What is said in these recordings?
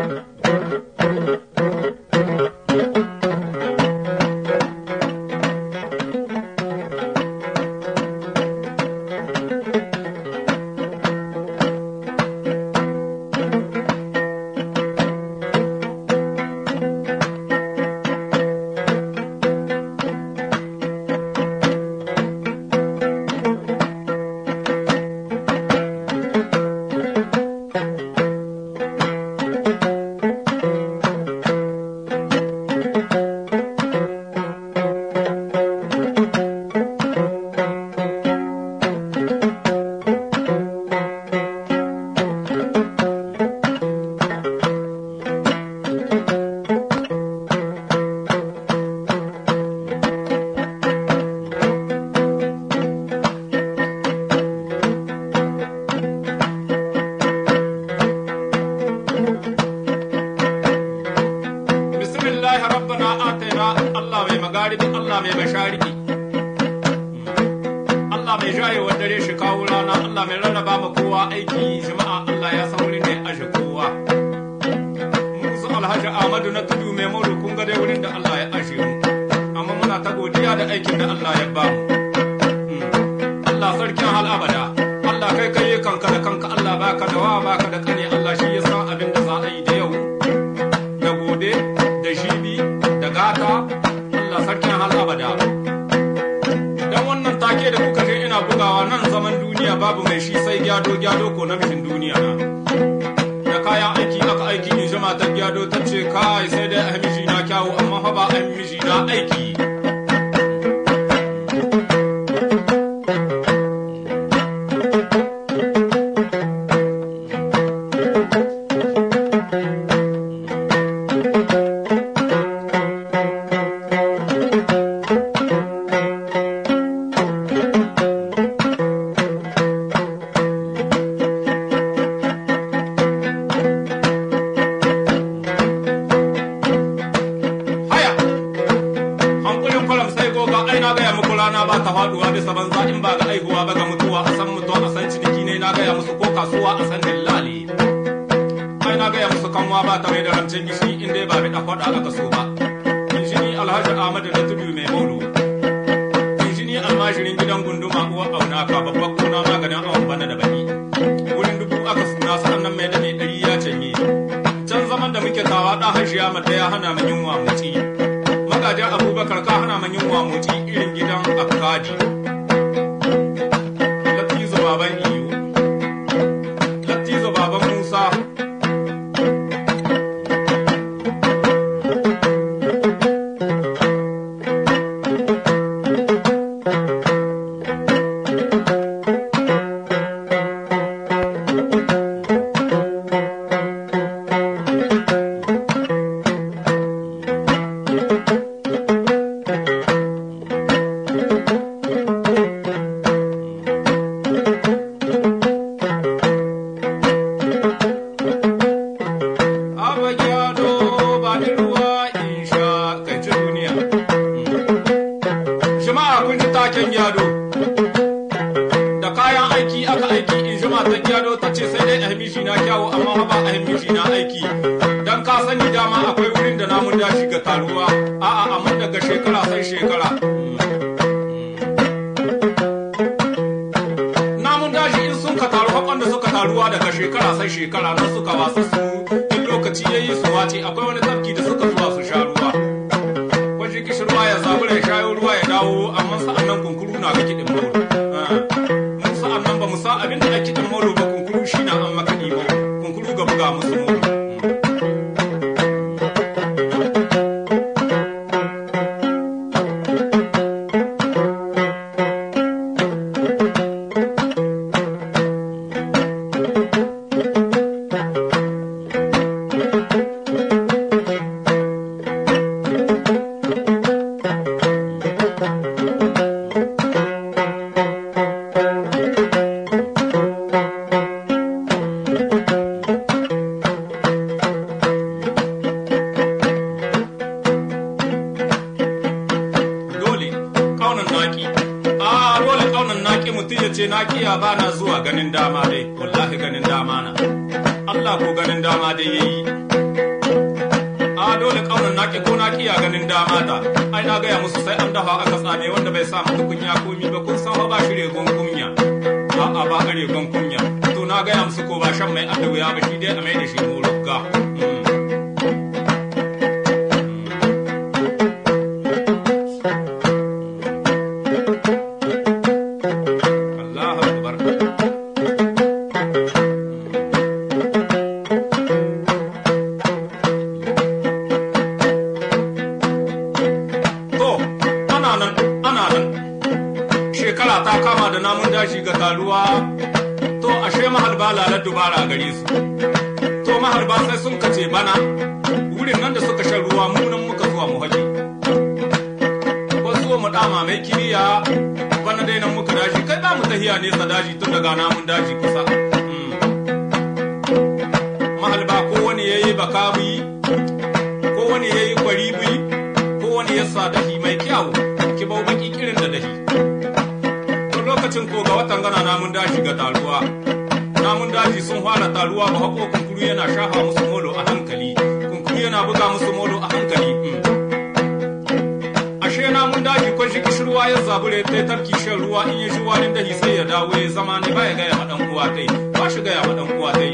Thank you. zagawa nan zaman duniya babu mai shi sai gyado gyado ko na mishin duniya na da kayan aiki aka aiki in jama ta gyado ta ce kai sai dai na gaya musu ko kasuwa a san lali ai na gaya musu kanwa ba ta mai da rancen gishi in dai ba bi da faɗa aka so ba injini alhaji ahmadu na tudu mai maulu injini almajirin gidan gunduma uwa auna ka babba kuna maganin awon bana da baki wurin dubu aka suna sa'annan mai da mai ɗari ya canye can zaman da muke tawa ɗan hajiya mata ya hana min yunwa motsi magajin abubakar ka hana min yunwa motsi irin gidan akadi Thank you. a ah, dole kaunan naƙi mutum ya ce naki ya bana zuwa ganin dama dai wallahi ganin dama na Allah ko ganin dama dai yi. a ah, dole kaunan naƙi ko naki ya ganin dama ta ai na gaya musu sai an dafa aka tsame wanda bai sa muku kunya komi ba kun san ba shi regon kunya a a ba regon kunya to na gaya musu ko ba shan mai adabu ya ba shi dai a mai da shi murugga lalar dubara gare su to ba sai sun kace bana wurin nan da suka shan ruwa munan muka zuwa mu haje ko zuwa mu dama mai kiriya bana dai nan muka dashi kai ba mu tahiya nesa daji tun daga namun daji kusa hmm. mahalba ko wani yayi baka bi ko wani yayi kwari bi ko wani sa dahi mai kyau ki bau baki kirin da dahi lokacin ko ga watan gana namun dashi ga taruwa namun daji sun fara taruwa ba hako kunkuru yana shafa musu molo a hankali kunkuru yana buga musu molo a hankali mm. ashe namun daji ko shi kishirwa ya zabure ta tarki shan ruwa in ya ji warin dahi sai ya dawo ya zama ne ba ya gaya ma dan uwa tai ba shi gaya ma dan uwa tai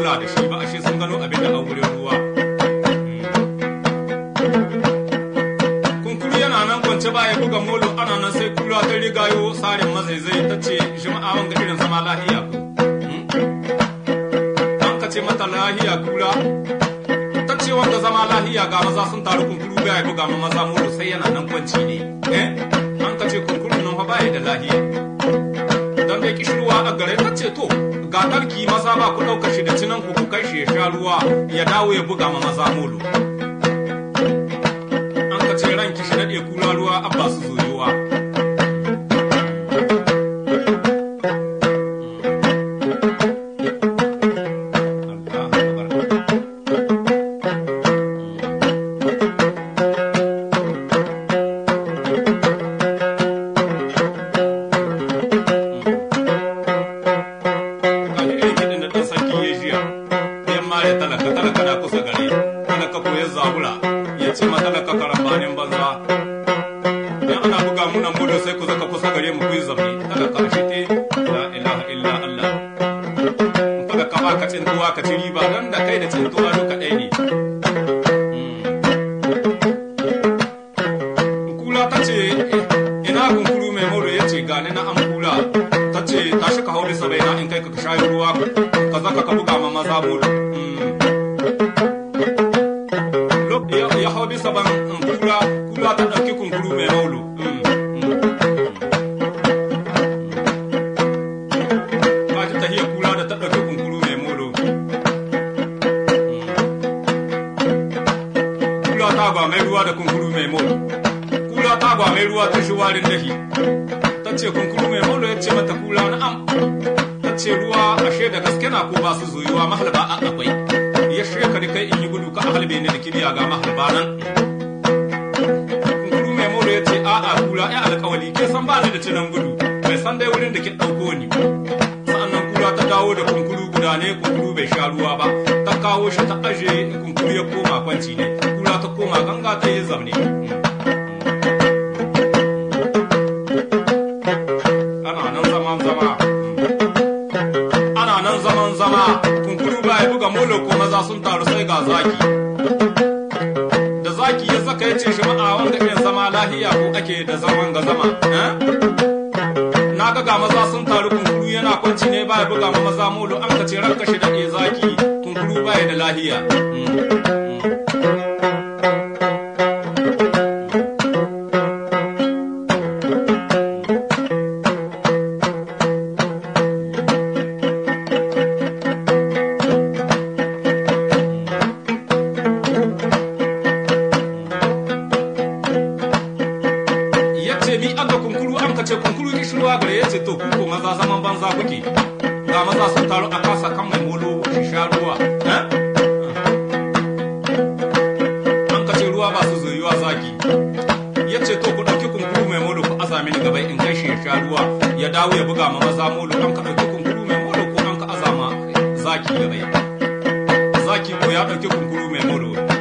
zauna da shi ba ashe sun gano abin da a wurin ruwa hmm. kunkuru yana nan kwance baya buga molo ana nan sai kula ta rigayo tsarin mazaizai ta ce jama'a wanga irin zama lahiya ku hmm. an ka ce mata lahiya kula ta ce wanda zama lahiya ga maza sun taru kunkuru baya buga ma maza molo sai yana nan kwanci ne eh? an ka ce kunkuru nan fa baya da lahiya da mai kishirwa a gare ta ce to ga ɗarki maza ba ku ɗauka shi da cinan ku kai shi ya sha ruwa ya dawo ya buga ma maza molo an ka ce ran kishi daɗe kula ruwa abba su zo kwarin dahi ta ce kunkuru mai molo yace mata kula na am ta ce ruwa ashe da gaske na ko ba su zuyuwa mahalba a akwai ya shekari kai in yi gudu ka halbe ne da kibiya ga mahalba nan kunkuru mai molo yace ce a'a kula ya alƙawali ke san ba ni da cinan gudu mai san dai wurin da ke dauko ni sa'annan kula ta dawo da kunkuru guda ne kunkuru bai sha ruwa ba ta kawo shi ta aje kunkuru ya koma kwanci ne kula ta koma ganga ta yi zamne ya buga molo ko maza sun taru sai ga zaki da zaki ya saka ya ce shi ma'a wanda ke zama lahiya ko ake da zaman ga zama eh? na ga ga maza sun taru kunkuru yana kwanci ne ba ya buga ma maza molo an ka ce ranka shi da zaki kunkuru ba ya da lahiya hmm. ruwa eh? an kace ruwa ba su zaki ya ku ɗauki kunkuru mai molo ku aza mini gaba in kai shi ruwa ya dawo ya buga ma maza molo zaki ɗauki kunkuru mai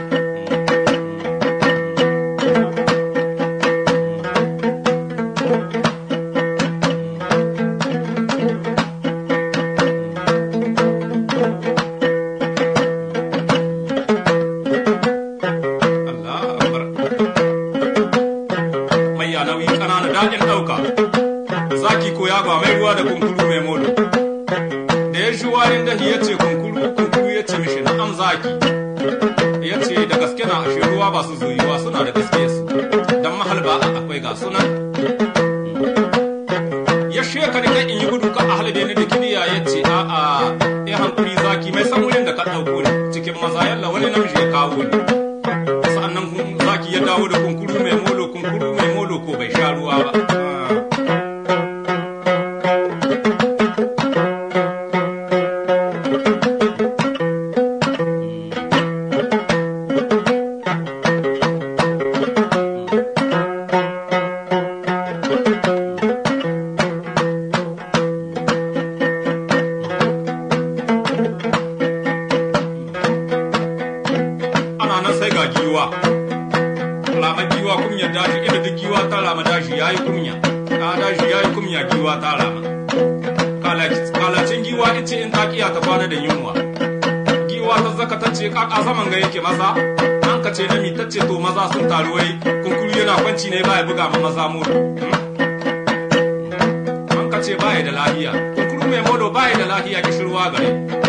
ruwa ba su zoyuwa suna da gaske su dan a akwai ga suna ya shekar kai in yi gudu ka ahalabe ni da kiniya ya ce a a eh hankuri zaki mai san da ka dauko cikin maza yalla wani namiji ya kawo ne ya yi kumya ka dashi ya yi kumya giwa ta rama kalacin giwa ice in ta kiya ta kwana da yunwa giwa ta zaka ta ce kaka saman ga yake maza an ka ce nami ta ce to maza sun taru wai kunkuru yana kwanci ne ba ya buga ma maza modo an ka ce ba ya da lahiya kunkuru mai modo ba ya da lahiya kishirwa gare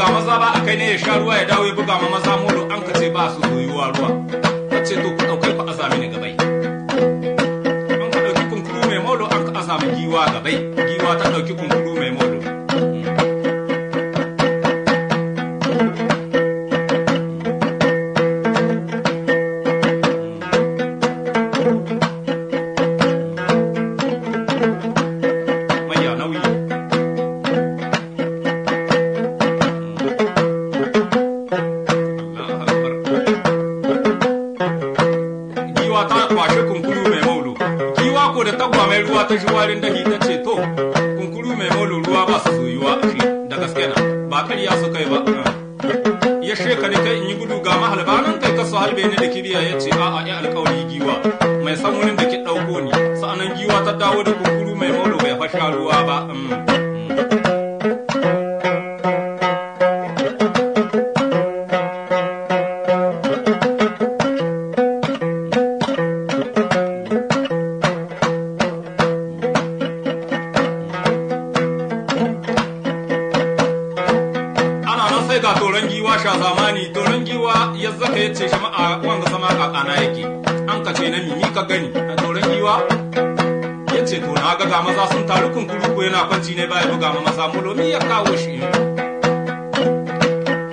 buga maza ba akai ne ya sha ruwa ya dawo ya buga ma maza molo an ka ce ba su wa ruwa ka ce to ku ɗaukai ku azami ne gabai an ka ɗauki kunkuru mai molo an ka azami giwa gabai giwa ta ɗauki kunkuru mai molo ga toron giwa sha zamani toron giwa ya zaka yace shama'a wanga sama ka kana yake an ka ce na mimi ka gani a toron giwa yace to na ga ga maza sun taru kun kulu ko yana kwanci ne bai buga ma maza mulomi ya kawo shi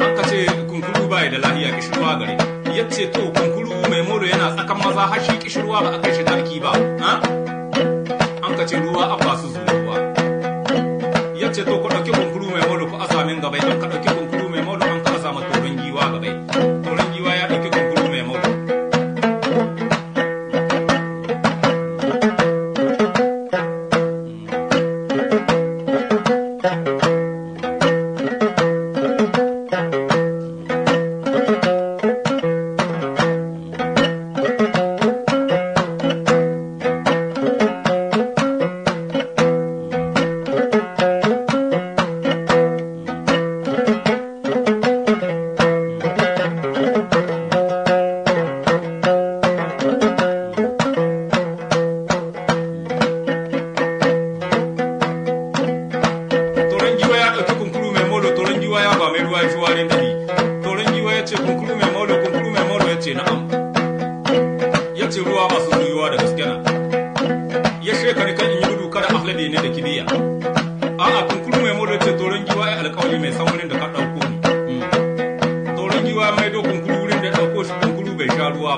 an ka ce kun kulu bai da lahiya ki shirwa gare yace to kun kulu mai moro yana tsakan maza har shi kishirwa ba a kai shi tarki ba ha an ka ce ruwa a ba su zuwa yace ce to ku kun kulu mai moro ku asamin gaba idan ka kun kulu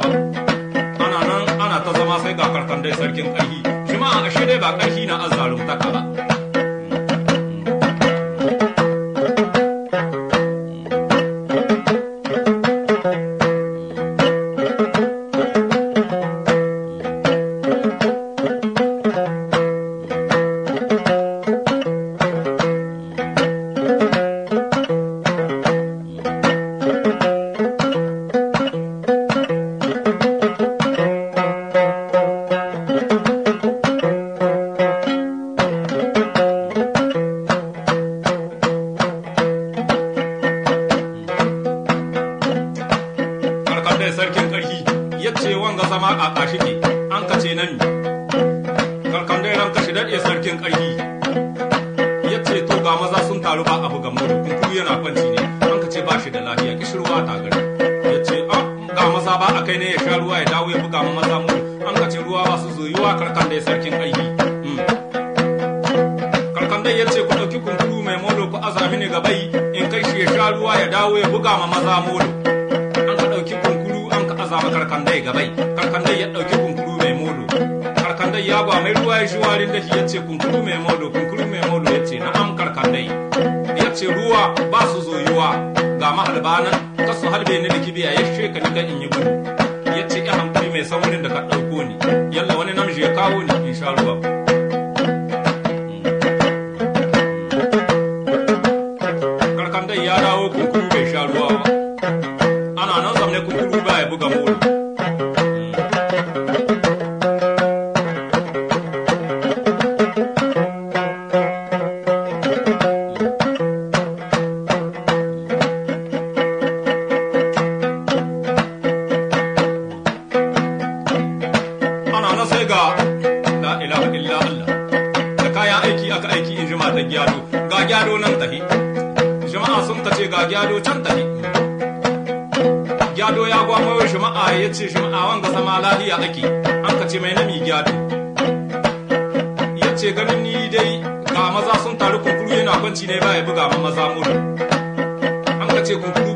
ana nan ana ta zama sai ga karkandai sarkin ƙarhi shi ma a dai ba ƙarhi na azzalumtaka ba ba abu ga mori kunku yana kwanci ne an ka ce ba shi da lafiya kishirwa ta gari ya ce ah, ga maza ba a kai ne ya sha ruwa ya dawo ya buga ma maza mu an ka ce ruwa ba su yiwa karkan da ya sarkin aiki hmm. karkan da ya ce ku ɗauki kunkuru mai molo ku aza mini gabai in kai shi ya sha ruwa ya dawo ya buga ma maza molo an ka ɗauki kunkuru an ka aza ma karkan da ya gabai karkan da ya dauki kunkuru wannan ya ba mai ruwa ya shi warin da shi ya ce kunkuru mai modo kunkuru mai modo ya ce na am karkandai ya ce ruwa ba su zoyuwa ga mahalba nan su halbe ni da kibiya ya sheka ka nika in yi gudu ya ce ya hankali mai saurin da ka ɗauko ni yalla wani namshi ya kawo ni in sha ruwa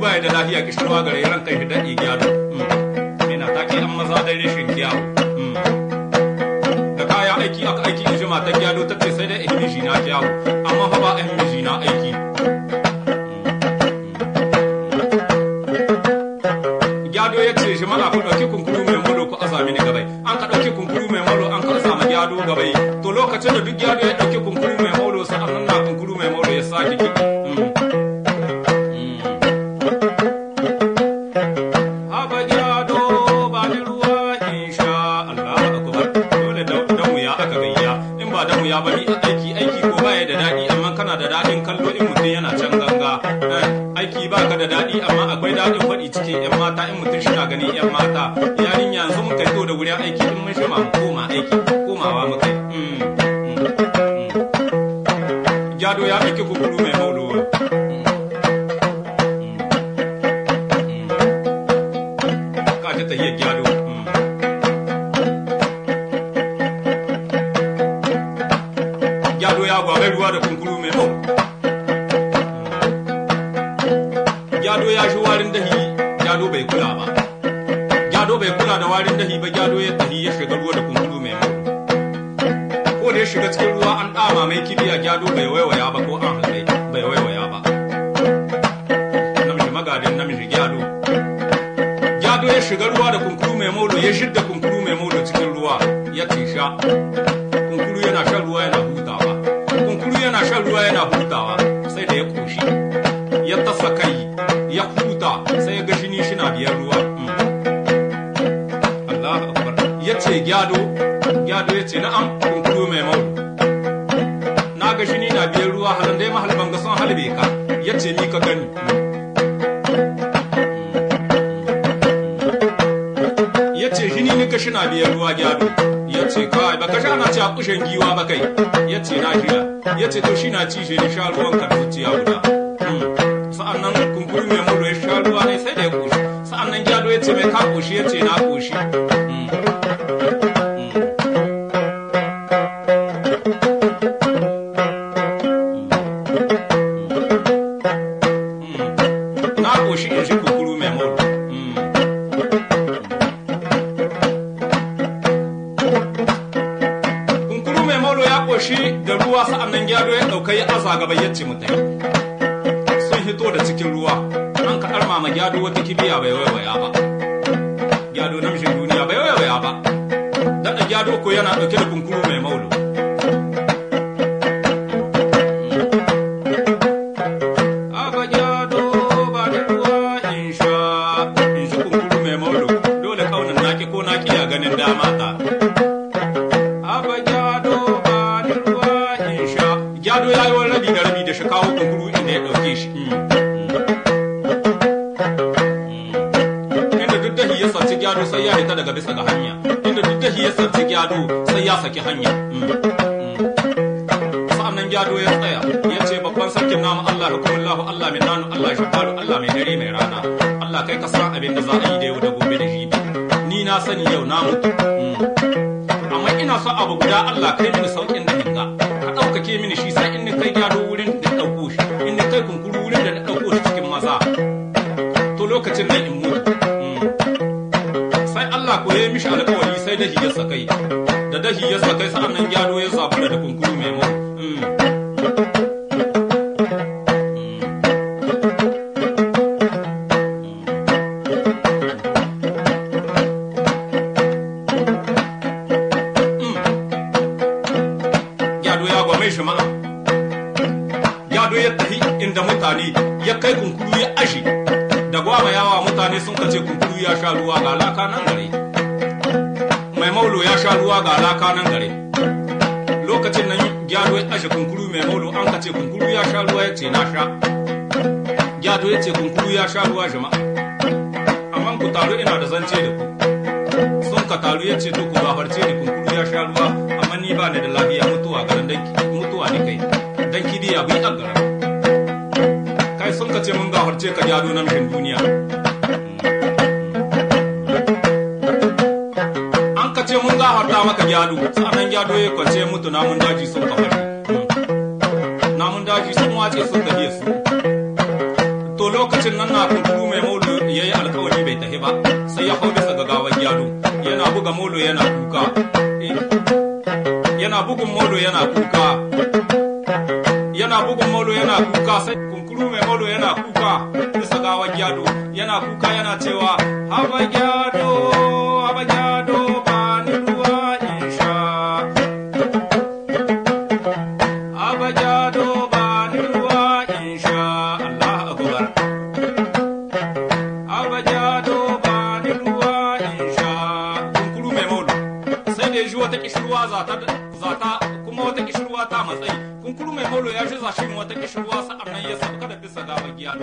ba da lafiya ki kishirwa gare ran kai shi daɗi gyara yana hmm. take an maza da rashin kyawu hmm. da kaya aiki aka aiki in jima ta gyado ta ce sai da in miji na kyawu amma fa ba in miji na aiki hmm. gyado ya ce shi mana ku ɗauki kunkuru mai molo ku azami mini gabai an ka dauki kunkuru mai molo an ka sa ma gyado gabai to lokacin da duk gyado ya ɗauki kina ganin yan mata yarin yanzu muka to da wurin aiki in mun shima koma aiki komawa muka mm, mm, mm. jado ya miki kukuru mai mauluwa jima da warin dahi ba gyado ya tahi ya shiga ruwa da kunkuru mai mai ko da ya shiga cikin ruwa an ɗama mai kibiya gyado bai waiwaya ba ko an halai bai waiwaya ba namiji magadin namiji gyado gyado ya shiga ruwa da kunkuru mai molo ya shidda kunkuru mai molo cikin ruwa ya tisha kunkuru yana shan ruwa yana hutawa kunkuru yana shan ruwa yana hutawa sai da ya koshi sai ni ka gani ya ce shi ni ka shina biyar ruwa gyaru ya ce kawai baka sha na ci a kushen giwa ba kai ya ce na shina ya ce to shi na ci shi ni sha ruwan ka zuciya guda hmm. sa'an nan kunkuru mai mulu ya sha ruwa ne sai da ya koshi sa'an nan gyado ya ce mai ka koshi ya ce na koshi がばいやっちゅうもんね。gyado sai ya hita daga bisa ga hanya inda duk da ya sarci gado sai ya saki hanya mm. Mm. sa'annan gado ya tsaya ya ce babban sarkin namu Allah kuma Allah mai nanu Allah shafaru Allah mai dare mai rana Allah kai ka san abin da za a yi da yau da gobe da jibi ni na sani yau na mutu mm. amma ina so abu guda Allah kai mini saukin da hinga ka ɗaukake mini shi sai in ni kai gado wurin da ɗauko shi in ni kai kunkuru wurin da na ɗauko shi cikin maza to lokacin nan in ya yi mishi alkawari sai dahi ya sakai da dahi ya sakai sa'annan gyado ya zabura da kunkuru mai mu mm. mm. mm. Yado ya gwame shi yado ya tahi inda mutane ya kai kunkuru ya ashe, da gwama mutane sun kace kunkuru ya sha ruwa ga laka nan gare. mai maulo ya sha ruwa ga laka nan gare lokacin nan gyado ya ashe kunkuru mai maulo an ka ce kunkuru ya sha ruwa ya ce na sha gyado ya ce kunkuru ya sha ruwa jama'a amma ku taru ina da zance da ku sun ka taru ya ce to ku zafarce ni kunkuru ya sha ruwa amma ni ba ni da lafiya mutuwa garin danki mutuwa ne kai danki biya bai ɗan garin kai sun ka ce mun gafarce ka gyado nan kan duniya maka gyalu sannan gyado ya kwace mutu namun daji sun ka fari namun daji sun wace sun tafiye su to lokacin nan na kunturu mai maulu ya yi alkawari bai tafi ba sai ya hau bisa ga gawar gyalu yana buga maulu eh, yana kuka yana bugun maulu yana kuka yana bugun maulu yana kuka sai kunkuru mai maulu yana kuka bisa gawar gyalu yana kuka yana cewa haba gyalu haba gyalu matsayi kunkuru mai holo ya shi zashin wata kishirwa sa'annan ya sauka da bisa gaba giya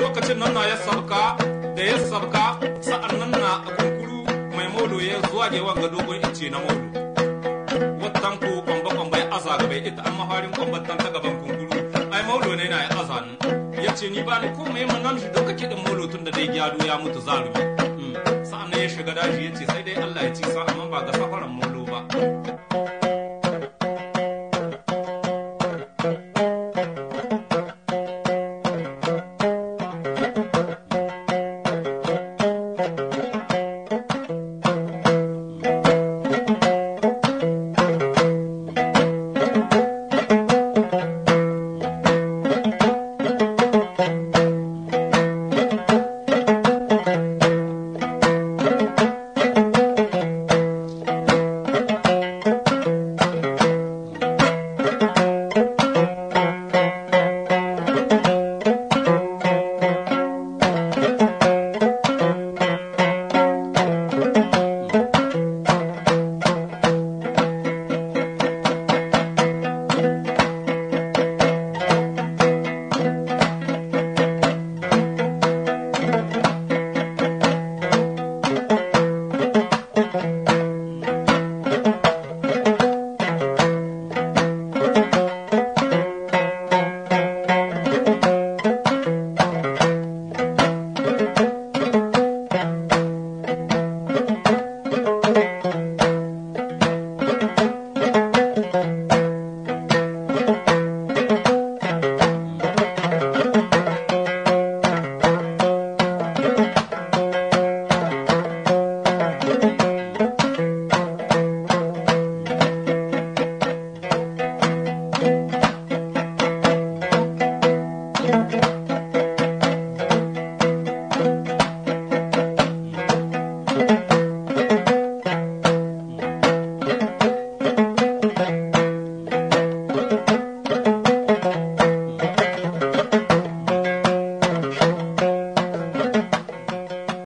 lokacin nan na ya sauka da ya sauka sa'annan na kunkuru mai molo ya zuwa ga dogon ice na molo Wata ko kwamba kwamba ya aza gaba ita an maharin kwambatan ta gaban kunkuru ai molo ne na ya aza ni ya ce ni ba ni komai manan shi don kake da molo tun da dai gyado ya mutu zarumi sa'an ya shiga daji ya ce sai dai Allah ya ci sa amma ba ga safaran molo ba